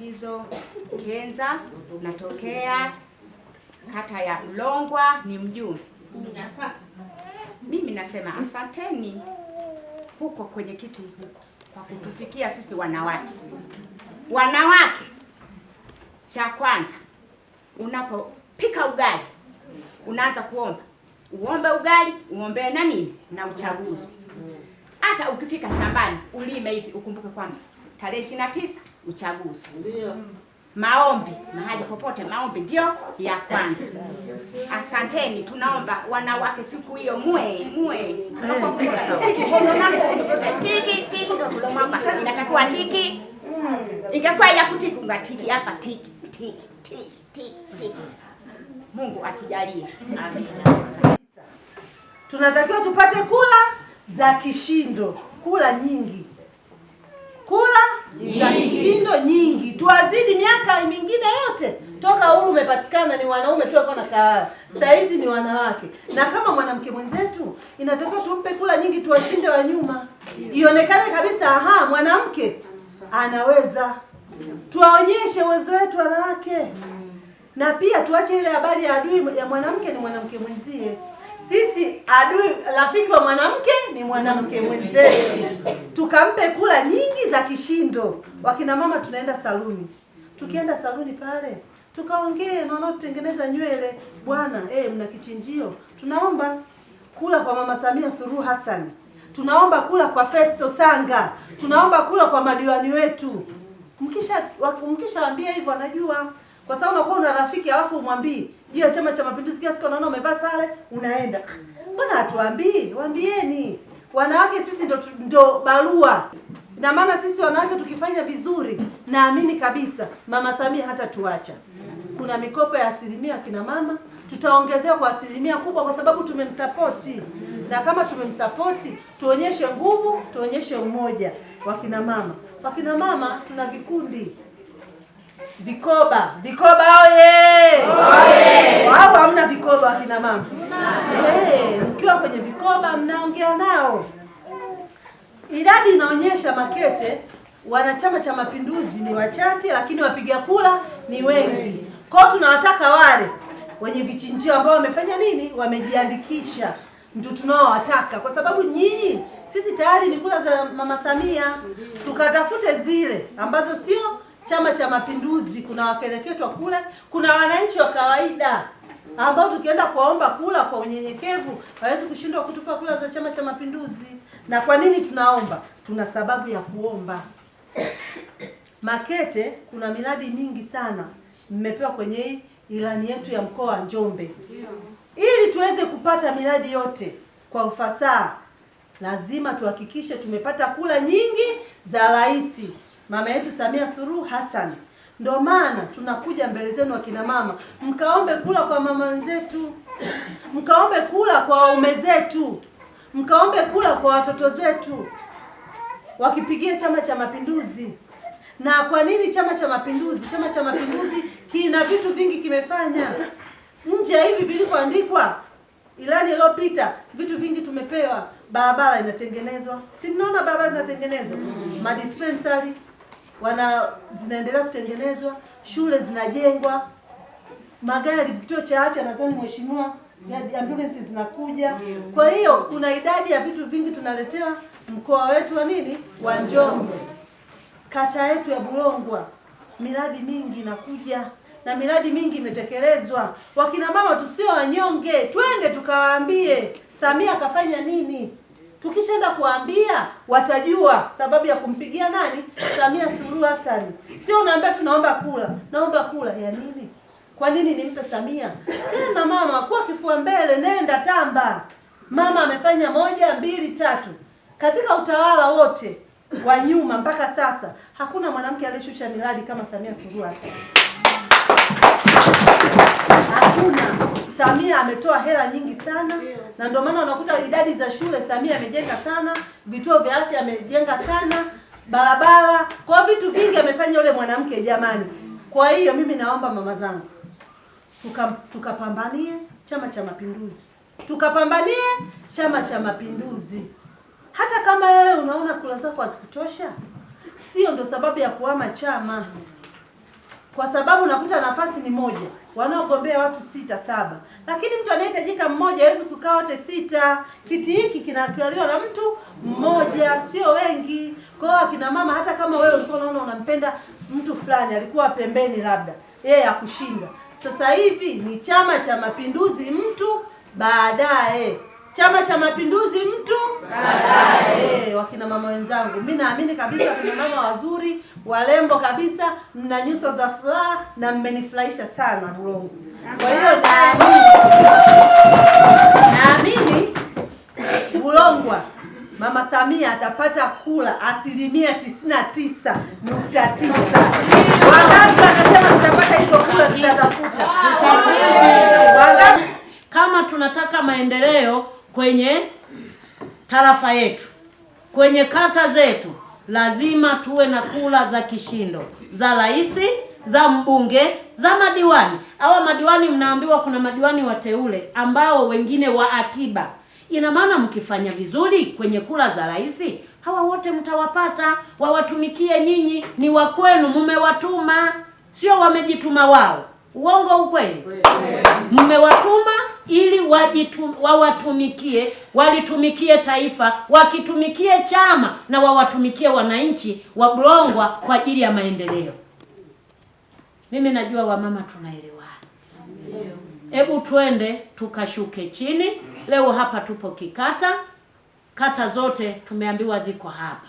matatizo Ukenza, natokea kata ya ulongwa ni mjumbe. Mimi nasema asanteni huko kwenye kiti huko kwa kutufikia sisi wanawake. Wanawake, cha kwanza unapopika ugali unaanza kuomba, uombe ugali, uombe na nini na uchaguzi. Hata ukifika shambani ulime hivi, ukumbuke kwamba tarehe ishirini na tisa uchaguzi. Maombi mahali popote, maombi ndio ya kwanza. Asanteni, tunaomba wanawake siku hiyo mwe mwe tiki tiki, inatakiwa tiki, ingekuwa ya kutiki ungatiki hapa tiki tiki tiki tiki. Mungu atujalie, amina. Tunatakiwa tupate kula za kishindo, kula nyingi kula za kishindo nyingi, tuwazidi miaka mingine yote toka uhuru umepatikana, ni wanaume tu na wanatawala, saa hizi ni wanawake. Na kama mwanamke mwenzetu inatakiwa tumpe kula nyingi, tuwashinde wa nyuma, ionekane kabisa, aha, mwanamke anaweza. Tuwaonyeshe uwezo wetu wanawake, na pia tuache ile habari ya adui ya mwanamke ni mwanamke mwenzie. Sisi adui, rafiki wa mwanamke ni mwanamke mwenzetu tukampe kula nyingi za kishindo. Wakina mama tunaenda saluni, tukienda saluni pale tukaongee na wanaotengeneza nywele, bwana eh, mna kichinjio, tunaomba kula kwa mama Samia Suluhu Hassan, tunaomba kula kwa Festo Sanga, tunaomba kula kwa madiwani wetu. Mkisha mkishawaambia hivyo, anajua kwa sababu unakuwa una rafiki alafu umwambii ya Chama cha Mapinduzi, kila siku unaona umevaa sare unaenda, mbona hatuambii? Waambieni. Wanawake sisi ndo, ndo barua. na maana sisi wanawake tukifanya vizuri, naamini kabisa Mama Samia hata tuacha. Kuna mikopo ya asilimia kina mama tutaongezewa kwa asilimia kubwa, kwa sababu tumemsapoti, na kama tumemsapoti, tuonyeshe nguvu, tuonyeshe umoja wa kina mama. Wakina mama tuna vikundi Vikoba, vikoba oye! Oye! Au hamna vikoba akina mama? Eh, mkiwa kwenye vikoba mnaongea nao. Idadi inaonyesha Makete wanachama cha mapinduzi ni wachache, lakini wapiga kula ni wengi. Kwa tunawataka wale wenye vichinjio ambao wamefanya nini, wamejiandikisha, ndio tunaowataka, kwa sababu nyinyi, sisi tayari ni kula za mama Samia, tukatafute zile ambazo sio Chama cha Mapinduzi, kuna wakereketwa kule, kuna wananchi wa kawaida ambao tukienda kuwaomba kula kwa unyenyekevu hawezi kushindwa kutupa kula za Chama cha Mapinduzi. Na kwa nini tunaomba? Tuna sababu ya kuomba. Makete kuna miradi mingi sana mmepewa kwenye ilani yetu ya mkoa wa Njombe. Ili tuweze kupata miradi yote kwa ufasaha, lazima tuhakikishe tumepata kula nyingi za rais mama yetu Samia Suluhu Hassan. Ndio maana tunakuja mbele zenu akina mama, mkaombe kula kwa mama zetu, mkaombe kula kwa waume zetu, mkaombe kula kwa watoto zetu, wakipigia Chama cha Mapinduzi. Na kwa nini Chama cha Mapinduzi? Chama cha Mapinduzi kina vitu vingi kimefanya nje ya hivi vilivyoandikwa ilani iliyopita, vitu vingi tumepewa. Barabara inatengenezwa, si mnaona barabara zinatengenezwa, madispensari mm wana zinaendelea kutengenezwa, shule zinajengwa, magari, kituo cha afya nadhani mheshimiwa, ambulance zinakuja. Kwa hiyo kuna idadi ya vitu vingi tunaletewa mkoa wetu wa nini wa Njombe, kata yetu ya Bulongwa, miradi mingi inakuja na miradi mingi imetekelezwa. Wakina mama tusio wanyonge, twende tukawaambie Samia akafanya nini. Tukishaenda kuambia watajua sababu ya kumpigia nani? Samia Suluhu Hassan. Sio unaambia tunaomba kula, naomba kula ya nini? Kwa nini nimpe Samia? Sema mama, kuwa kifua mbele, nenda tamba. Mama amefanya moja, mbili, tatu katika utawala wote wa nyuma mpaka sasa, hakuna mwanamke aliyeshusha miradi kama Samia Suluhu Hassan. Hakuna. Samia ametoa hela nyingi sana na ndio maana unakuta idadi za shule Samia amejenga sana, vituo vya afya amejenga sana, barabara, kwa vitu vingi amefanya yule mwanamke jamani. Kwa hiyo mimi naomba mama zangu tukapambanie tuka Chama cha Mapinduzi, tukapambanie Chama cha Mapinduzi. Hata kama wewe unaona kula zako hazikutosha, sio ndo sababu ya kuhama chama kwa sababu nakuta nafasi ni moja, wanaogombea watu sita saba, lakini mtu anayehitajika mmoja hawezi kukaa wote sita. Kiti hiki kinakaliwa na mtu mmoja, sio wengi. Kwa hiyo akina mama, hata kama wewe ulikuwa unaona unampenda mtu fulani, alikuwa pembeni, labda yeye akushinda, sasa hivi ni Chama cha Mapinduzi, mtu baadaye Chama cha Mapinduzi mtu baadaye. Eh, wakina mama wenzangu, mi naamini kabisa kuna mama wazuri walembo kabisa, mna nyuso za furaha na mmenifurahisha sana Bulongo. Kwa hiyo naamini Bulongwa Mama Samia atapata kula asilimia tisini na tisa nukta tisa. Wangapi anasema tarafa yetu, kwenye kata zetu, lazima tuwe na kula za kishindo za rais, za mbunge, za madiwani. Hawa madiwani mnaambiwa kuna madiwani wateule ambao wengine wa akiba. Ina maana mkifanya vizuri kwenye kula za rais, hawa wote mtawapata wawatumikie nyinyi, ni wa kwenu, mmewatuma, sio wamejituma wao. Uongo ukweli? Mmewatuma ili wawatumikie, walitumikie taifa, wakitumikie chama na wawatumikie wananchi wa Bulongwa kwa ajili ya maendeleo. Mimi najua wamama tunaelewana. Hebu twende tukashuke chini. Leo hapa tupo kikata, kata zote tumeambiwa ziko hapa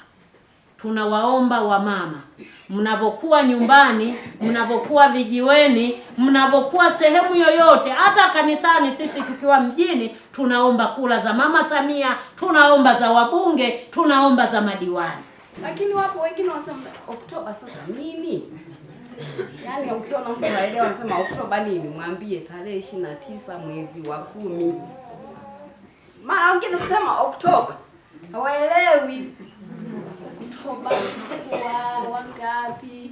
tunawaomba wamama, mnavokuwa nyumbani, mnavokuwa vijiweni, mnavokuwa sehemu yoyote, hata kanisani, sisi tukiwa mjini, tunaomba kula za Mama Samia, tunaomba za wabunge, tunaomba za madiwani. Lakini wapo wengine wanasema Oktoba sasa nini? Yaani ukiwa na mtu anaelewa anasema Oktoba nini? Mwambie tarehe ishirini na tisa mwezi wa kumi. Mara wengine kusema Oktoba hawaelewi mkomba wangapi?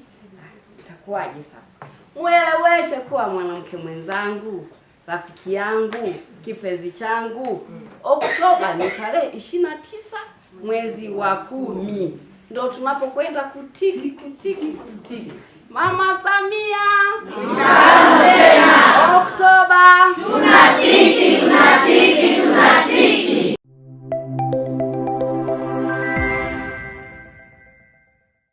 Itakuwaje sasa? Mweleweshe kuwa mwanamke mwenzangu, rafiki yangu, kipenzi changu, Oktoba ni tarehe ishirini na tisa mwezi wa kumi ndo tunapokwenda kutiki kutiki kutiki. Mama Samia, Oktoba tunatiki tunatiki tunatiki.